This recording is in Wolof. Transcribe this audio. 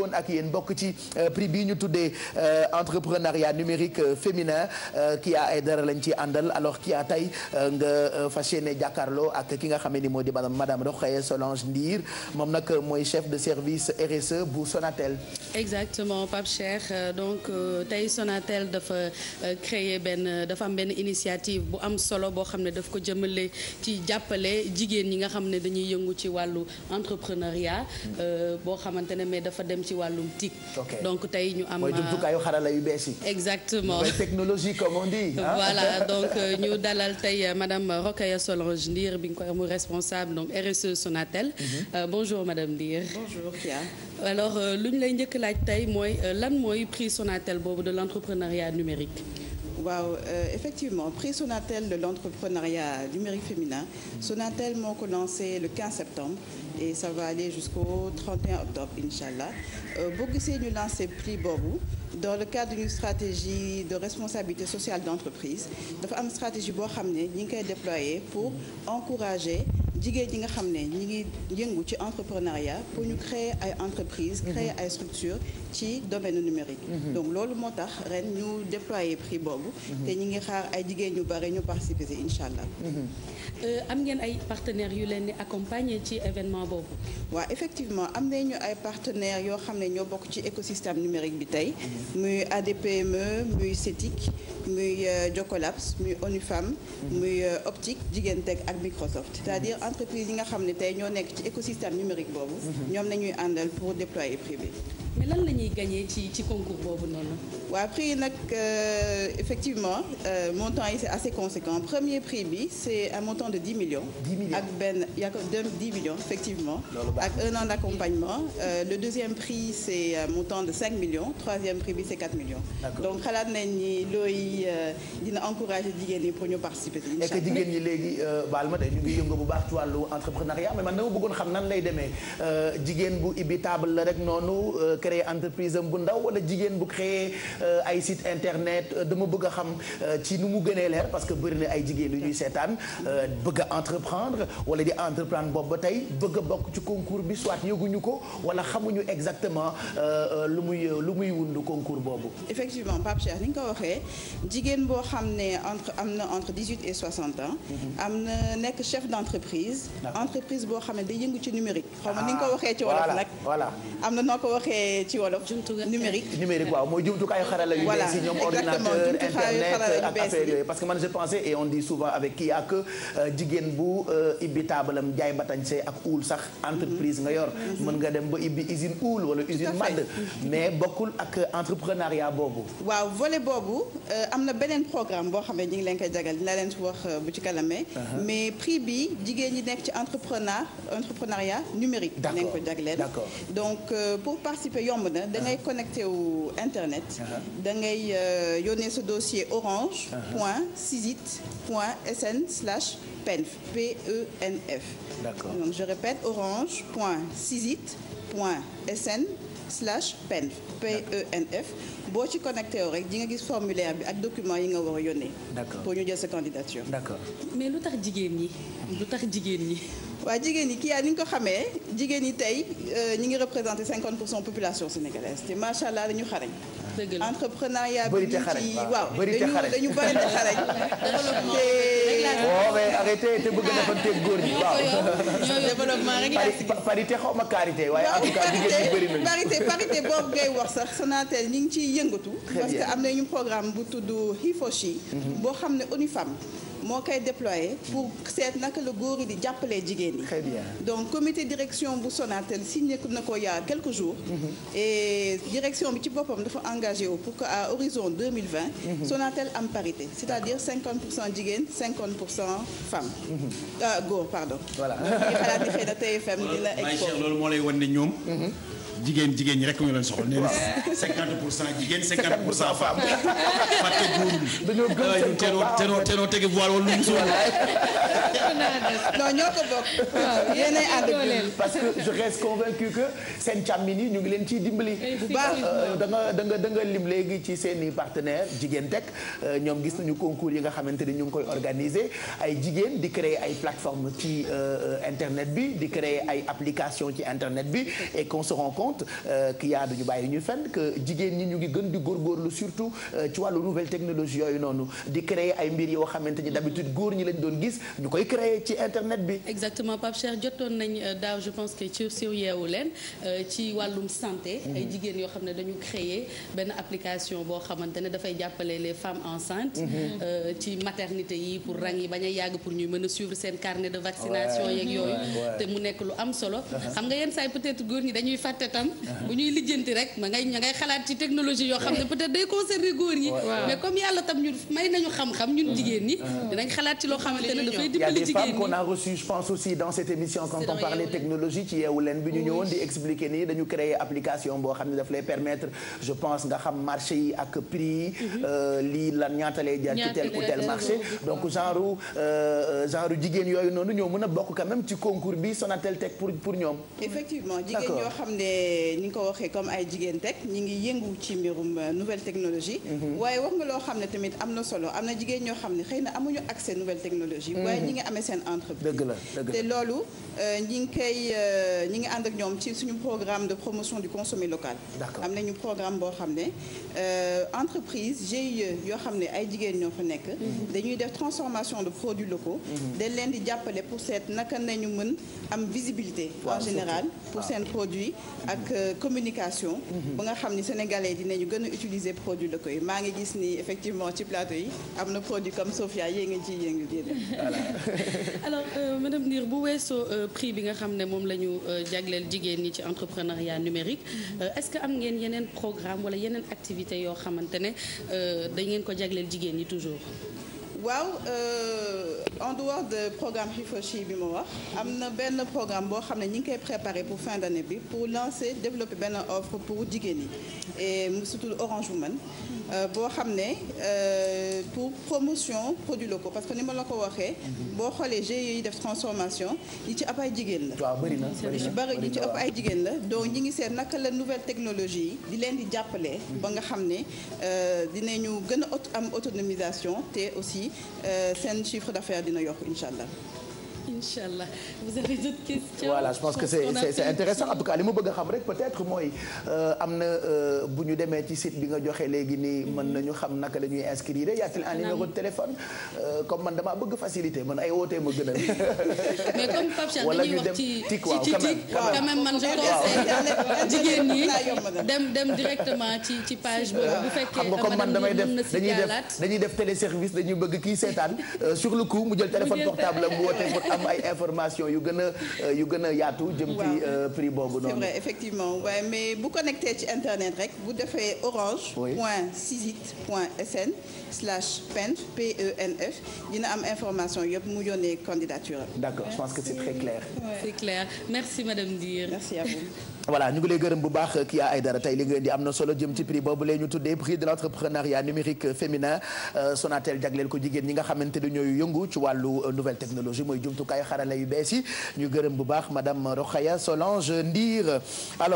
woon ak yéen bokk ci euh, prix bii ñu tuddee euh, entrepreneuriat numérique euh, féminin ki a ay dara lañ ci àndal alors ki tey nga fas jàkkaarloo ak ki nga xam ne ni moo di madame madame Rokhaya Solange Ndir moom nag mooy chef de service RSE bu Sonatel. exactement Pape Cheikh donc tey Sonatel dafa créer benn dafa am benn initiative bu am solo boo xam ne daf ko jëmale ci jàppale jigéen ñi nga xam ne dañuy yëngu ci wàllu entrepreneuriat boo xamante ne mais dafa dem ci wàllum TIC. donc tey ñu am. mooy xarala yu bees yi. exactement technologie comme on dit. voilà donc euh, ñu dalal tey euh, madame Rokhaya Solange Ndir bi nga ko mu responsable donc RSE Sonatel. Mhm. Euh, bonjour madame Ndir. alors lu ñu lay njëkk laaj tey mooy lan mooy prix Sonatel boobu de l'entrepreneuriat numérique. waaw euh, effectivement prix Sonatel de l'entrepreneuriat numérique féminin Sonatel moo ko lancé le 15 septembre et ça va aller jusqu'au 31 octobre inchallah euh, boo gisee prix boobu dans le cadre d'une stratégie de responsabilité sociale d'entreprise dafa am stratégie boo xam ne ñi ngi koy déployer pour encourager jigéen ñi nga xam ne ñi ngi jëngu ci entrepreneuriat pour ñu créer ay entreprises. créer mhm. ay structures ci domaine numérique. Mhm. donc loolu moo tax ren ñu déployer prix boobu. Mhm. te ñi ngi xaar ay jigéen ñu bare ñu participer si incha allah. Euh, am ngeen ay partenaires yu leen di accompagner ci événement boobu. waa effectivement am ñu ay partenaires yoo xam ne ñoo bokk ci écosystème numérique bi tey. muy ADPME muy CETIC muy euh, Jocolabs muy ONU muy euh, Optique Jigéen Tech entreprise yi nga xam ne tey ñoo nekk ci écosystème numérique boobu mhm. ñoom nañuy àndal pour déployer privé mais lan la ñuy gagné ci ci concours boobu noonu. waaw prix yi nag euh, effectivement euh, montant yi c'est assez conséquent premier prix bi c'est un montant de millions. ak benn yaa ko 10 millions effectivement. ak un an d'accompagnement euh, le deuxième prix c'est un montant de 5 millions troisième prix bi c'est 4 millions. donc xalaat nañ ni looy euh, dina encourager jigéen ñi pour ñu participer. incha allah jigéen ñi léegi baal ma de ñu ngi yëngu bu baax ci wàllu entrepreneuriat mais man bëggoon xam nan lay demee jigéen bu ibi table la rek noonu. créer entreprise am bu ndaw wala jigéen bu créer euh, ay site internet euh, dama bëgg a xam euh, ci nu mu gënee leer parce que bëri na ay jigéen yu ñuy seetaan bëgg a entreprendre wala di entreprendre boobu ba tey bëgg bokk ci concours bi soit yëguñu ko wala xamuñu exactement lu muy lu muy wund concours boobu. effectivement Pape Cheikh ni nga ko waxee jigéen boo xam ne entre am na entre dix huit et soixante ans. Mhm. am na nekk chef d' entreprise. entreprise boo xam ne day yëngu ci numérique. xaw ma ni nga ko ah, waxee ci wolof nag. voilà am na noo waxee ci wolof. numérique numérique waaw mooy jumtukaayu xarala yu bees yi ñoom ordinateur internet euh, ak affaire yooyu parce que man je pensais et on dit souvent avec kii ak euh, jigéen bu euh, ibbi taabalam sax entreprise nga yor mm-hmm. mën nga dem ba ibbi usine uul wala usine madd mm-hmm. mais bokkul ak entrepreneuriat boobu waaw volet boobu am na beneen programme boo xam ne ñu ngi leen koy jagal dina leen ci wax bu ci kalamee uh-huh. mais prix bi jigéen ñi nekk ci entrepreneur entrepreneuriat numérique dinañ ko jagleel donc pour participer que yomb na da ngay connecté wu internet. Uh-huh. da ngay euh, yónnee sa dossier orange. Uh-huh. point sisit point sn slash penf p e n f. d'accord donc je répète orange point sisit point sn slash penf p e n e boo ci connecté wu rek ji nga gis formulaire bi ak document yi nga war a yónnee. d'accord pour ñu jël sa candidature. d'accord mais lu tax jigéen ñi. lu tax jigéen ñi. waa jigéen ñi kii yaa ni nga ko xamee jigéen ñi tey euh, ñi ngi représenté 50 pour cent population sénégalaise te macha allah dañu xarañ. entrepreneuriat bi ñu ci waaw dañu bëri te xarañ. waaw oh, mais arrêté te bëgg a ah. defanteeg góor ñi waaw. développement rek la parité xaw ma carité waaye en tout cas jigéen ñi bëri nañu. parité parité boobu ngay wax sax Sonatel ñi ngi ciy yëngatu. parce que ñu programme bu tudd Hifoshi. Mhm. boo xam ne ONU Femmes. moo koy déployé pour seet naka la góor yi di jàppalee jigéen ñi. donc comité direction. union bu Sonatel signé na ko il y a quelques jours. Mhm. et direction bi ci boppam dafa engagé wu pour que à horizon deux mille vingt. Mhm. Sonatel am parité c'est-à-dire cinquante pour cent jigéen cinquante pour cent femmes. Mhm. Euh, góor pardon. voilà ñu xalaat ni xëy na TFM dina. expo loolu moo lay wan ñoom. jigéen jigéen ñi rek ñu leen soxal. nee na 50 pour cent jigéen 50 pour cent femme. fàtte góor ñi. dañoo gën seen teno tegi voile wala lu mu non ñoo ko bokk. waaw yéen ay ànd parce que je reste convaincu que seen càmmin yi ñu ngi leen ciy dimbali. bu baax euh, da nga lim léegi ci seen i partenaires jigéen teg euh, ñoom gis nañu concours yi nga xamante ni ñu ngi koy organiser ay jigéen di créer ay plateformes ci euh, internet bi di créer ay applications ci internet bi et qu'on se rend compte euh, que yaa duñu bàyyi ñu fenn que jigéen ñi ñu ngi gën di góorgóorlu surtout euh, ci wàllu nouvelle technologie yooyu noonu di créer ay mbir yoo xamante ni d'habitude góor ñi lañ doon gis ñu koy créer ci internet bi. exactement Pape Cheikh jotoon nañ euh, daaw je pense que ci siw yeewu leen ci wàllum santé. Mm-hmm. ay jigéen yoo xam ne dañu créer benn application boo xamante ne dafay jàppale les femmes enceintes. Mm-hmm. ci maternité yi pour rang yi bañ a yàgg pour ñuy mën a suivre seen carnet de vaccination yeeg yooyu. te mu nekk lu am solo. xam nga yenn saa peut-être góor ñi dañuy tam bu ñuy lijjanti rek ma ngay ña ngay xalaat ci technologie yoo xam ne peut-être day mais comme yàlla tam ñun may nañu xam-xam ñun jigéen ñi dinañ xalaat ci loo xamante ne dafay dimbali jigéen a des femmes qu'on nii dañu créer application boo xam ne daf lay permettre je pense nga xam marché yi ak prix mhm. euh, lii la ñaata lay jaar ci tel ou tel marché donc genre euh, genre jigéen yooyu noonu ñoo mën a bokk quand même ci concours bi Sonatel Tech pour ñoom jigéen ñoo xam ne Eh, ni ngi ko waxee comme ay jigéen teg ñi ngi yëngu ci mbirum eh, nouvelle technologie mhm. waaye wax nga loo xam ne tamit am na solo am na jigéen ñoo xam ne xëy na amuñu accès nouvelle technologie mhm. waaye ñi ngi amee seen entreprise dëgg la te loolu eh, ñi ngi koy ñi ngi ànd ak ñoom ci suñu programme de promotion du consommé local am nañu programme boo xam ne entreprise GIE yoo xam ne ay jigéen ñoo fa nekk mhm. dañuy def transformation de produits locaux dañ leen di jàppale pour seet naka nañu mën am visibilité en général pour ah. seen produit Euh, communication. Mhm. ba nga xam ni sénégalais dinañu gën a utiliser produit locaux maa ngi gis ni effectivement ci plateau yi am na produit comme Sofia yee nga ciy yëngu yéen voilà. alors euh, madame bu weesoo euh, prix bi nga xam ne moom la ñu euh, jagleel jigéen ñi ci entrepreneuriat numérique mhm. est-ce que am ngeen yeneen programme wala yeneen activité yoo xamante ne dañ ngeen ko jagleel jigéen ñi toujours. waaw euh, en dehors de programme Hifoshi bi ma wax am na benn programme boo xam ne ñi ngi koy préparé pour fin d'année bi pour lancer développer benn offre pour jigéen ñi e surtout Orange man euh, boo xam ne euh, pour promotion produits ko parce que ni ma la ko waxee boo xoolee GIE yi def transformation ñi ci ëpp ay jigéen la waaw bëri na bëri ñi ci ëpp ay jigéen la donc ñi ngi seet naka la nouvelle technologie di leen di jàppale ba nga xam ne dinañu gën a am autonomisation Euh, seen chiffre d'affaires dina yokk incha allah. Inch'Allah vous avez d'autres questions. je pense que c'est c'est, c'est intéressant en li ma bëgg xam rek peut-être mooy euh, am na euh, bu ñu demee ci sit bi nga joxe léegi nii mm-hmm. mën nañu xam naka la ñuy inscrire y a-t-il un de téléphone euh, comme man damaa bëgg facilité man ay wootee ma gënal. mais comme Pape Cheikh dañuy wax ci ci quand même man je conseille dem dem directement ci ci page boobu bu fekkee. xam nga comme man damay def dañuy def dañuy def téléservice dañuy bëgg kii seetaan sur le coup mu jël téléphone portable am mu wootee ay information yu gën a euh, yu gën a yaatu jëm ci euh, prix boobu noonu c'est vrai waaye mais bu connecté ci internet rek bu defee orange point sisit point sn p e n f dina am information yëpp mu yónnee candidature d'accord je pense que c'est très clair c'est clair merci madame Dir merci à vous voilà ñu ngi lay bu baax euh, kii ay dara tey li ngeen di am na solo jëm ci prix boobu lay ñu tuddee prix de l'entrepreneuriat numérique féminin Sonatel jagleel ko jigéen ñi nga xamante ne ñooy yëngu ci wàllu nouvelle technologie mooy jumtukaay xarala yu bees yi ñu gërëm bu baax madame Rokhaya Solange Ndir alors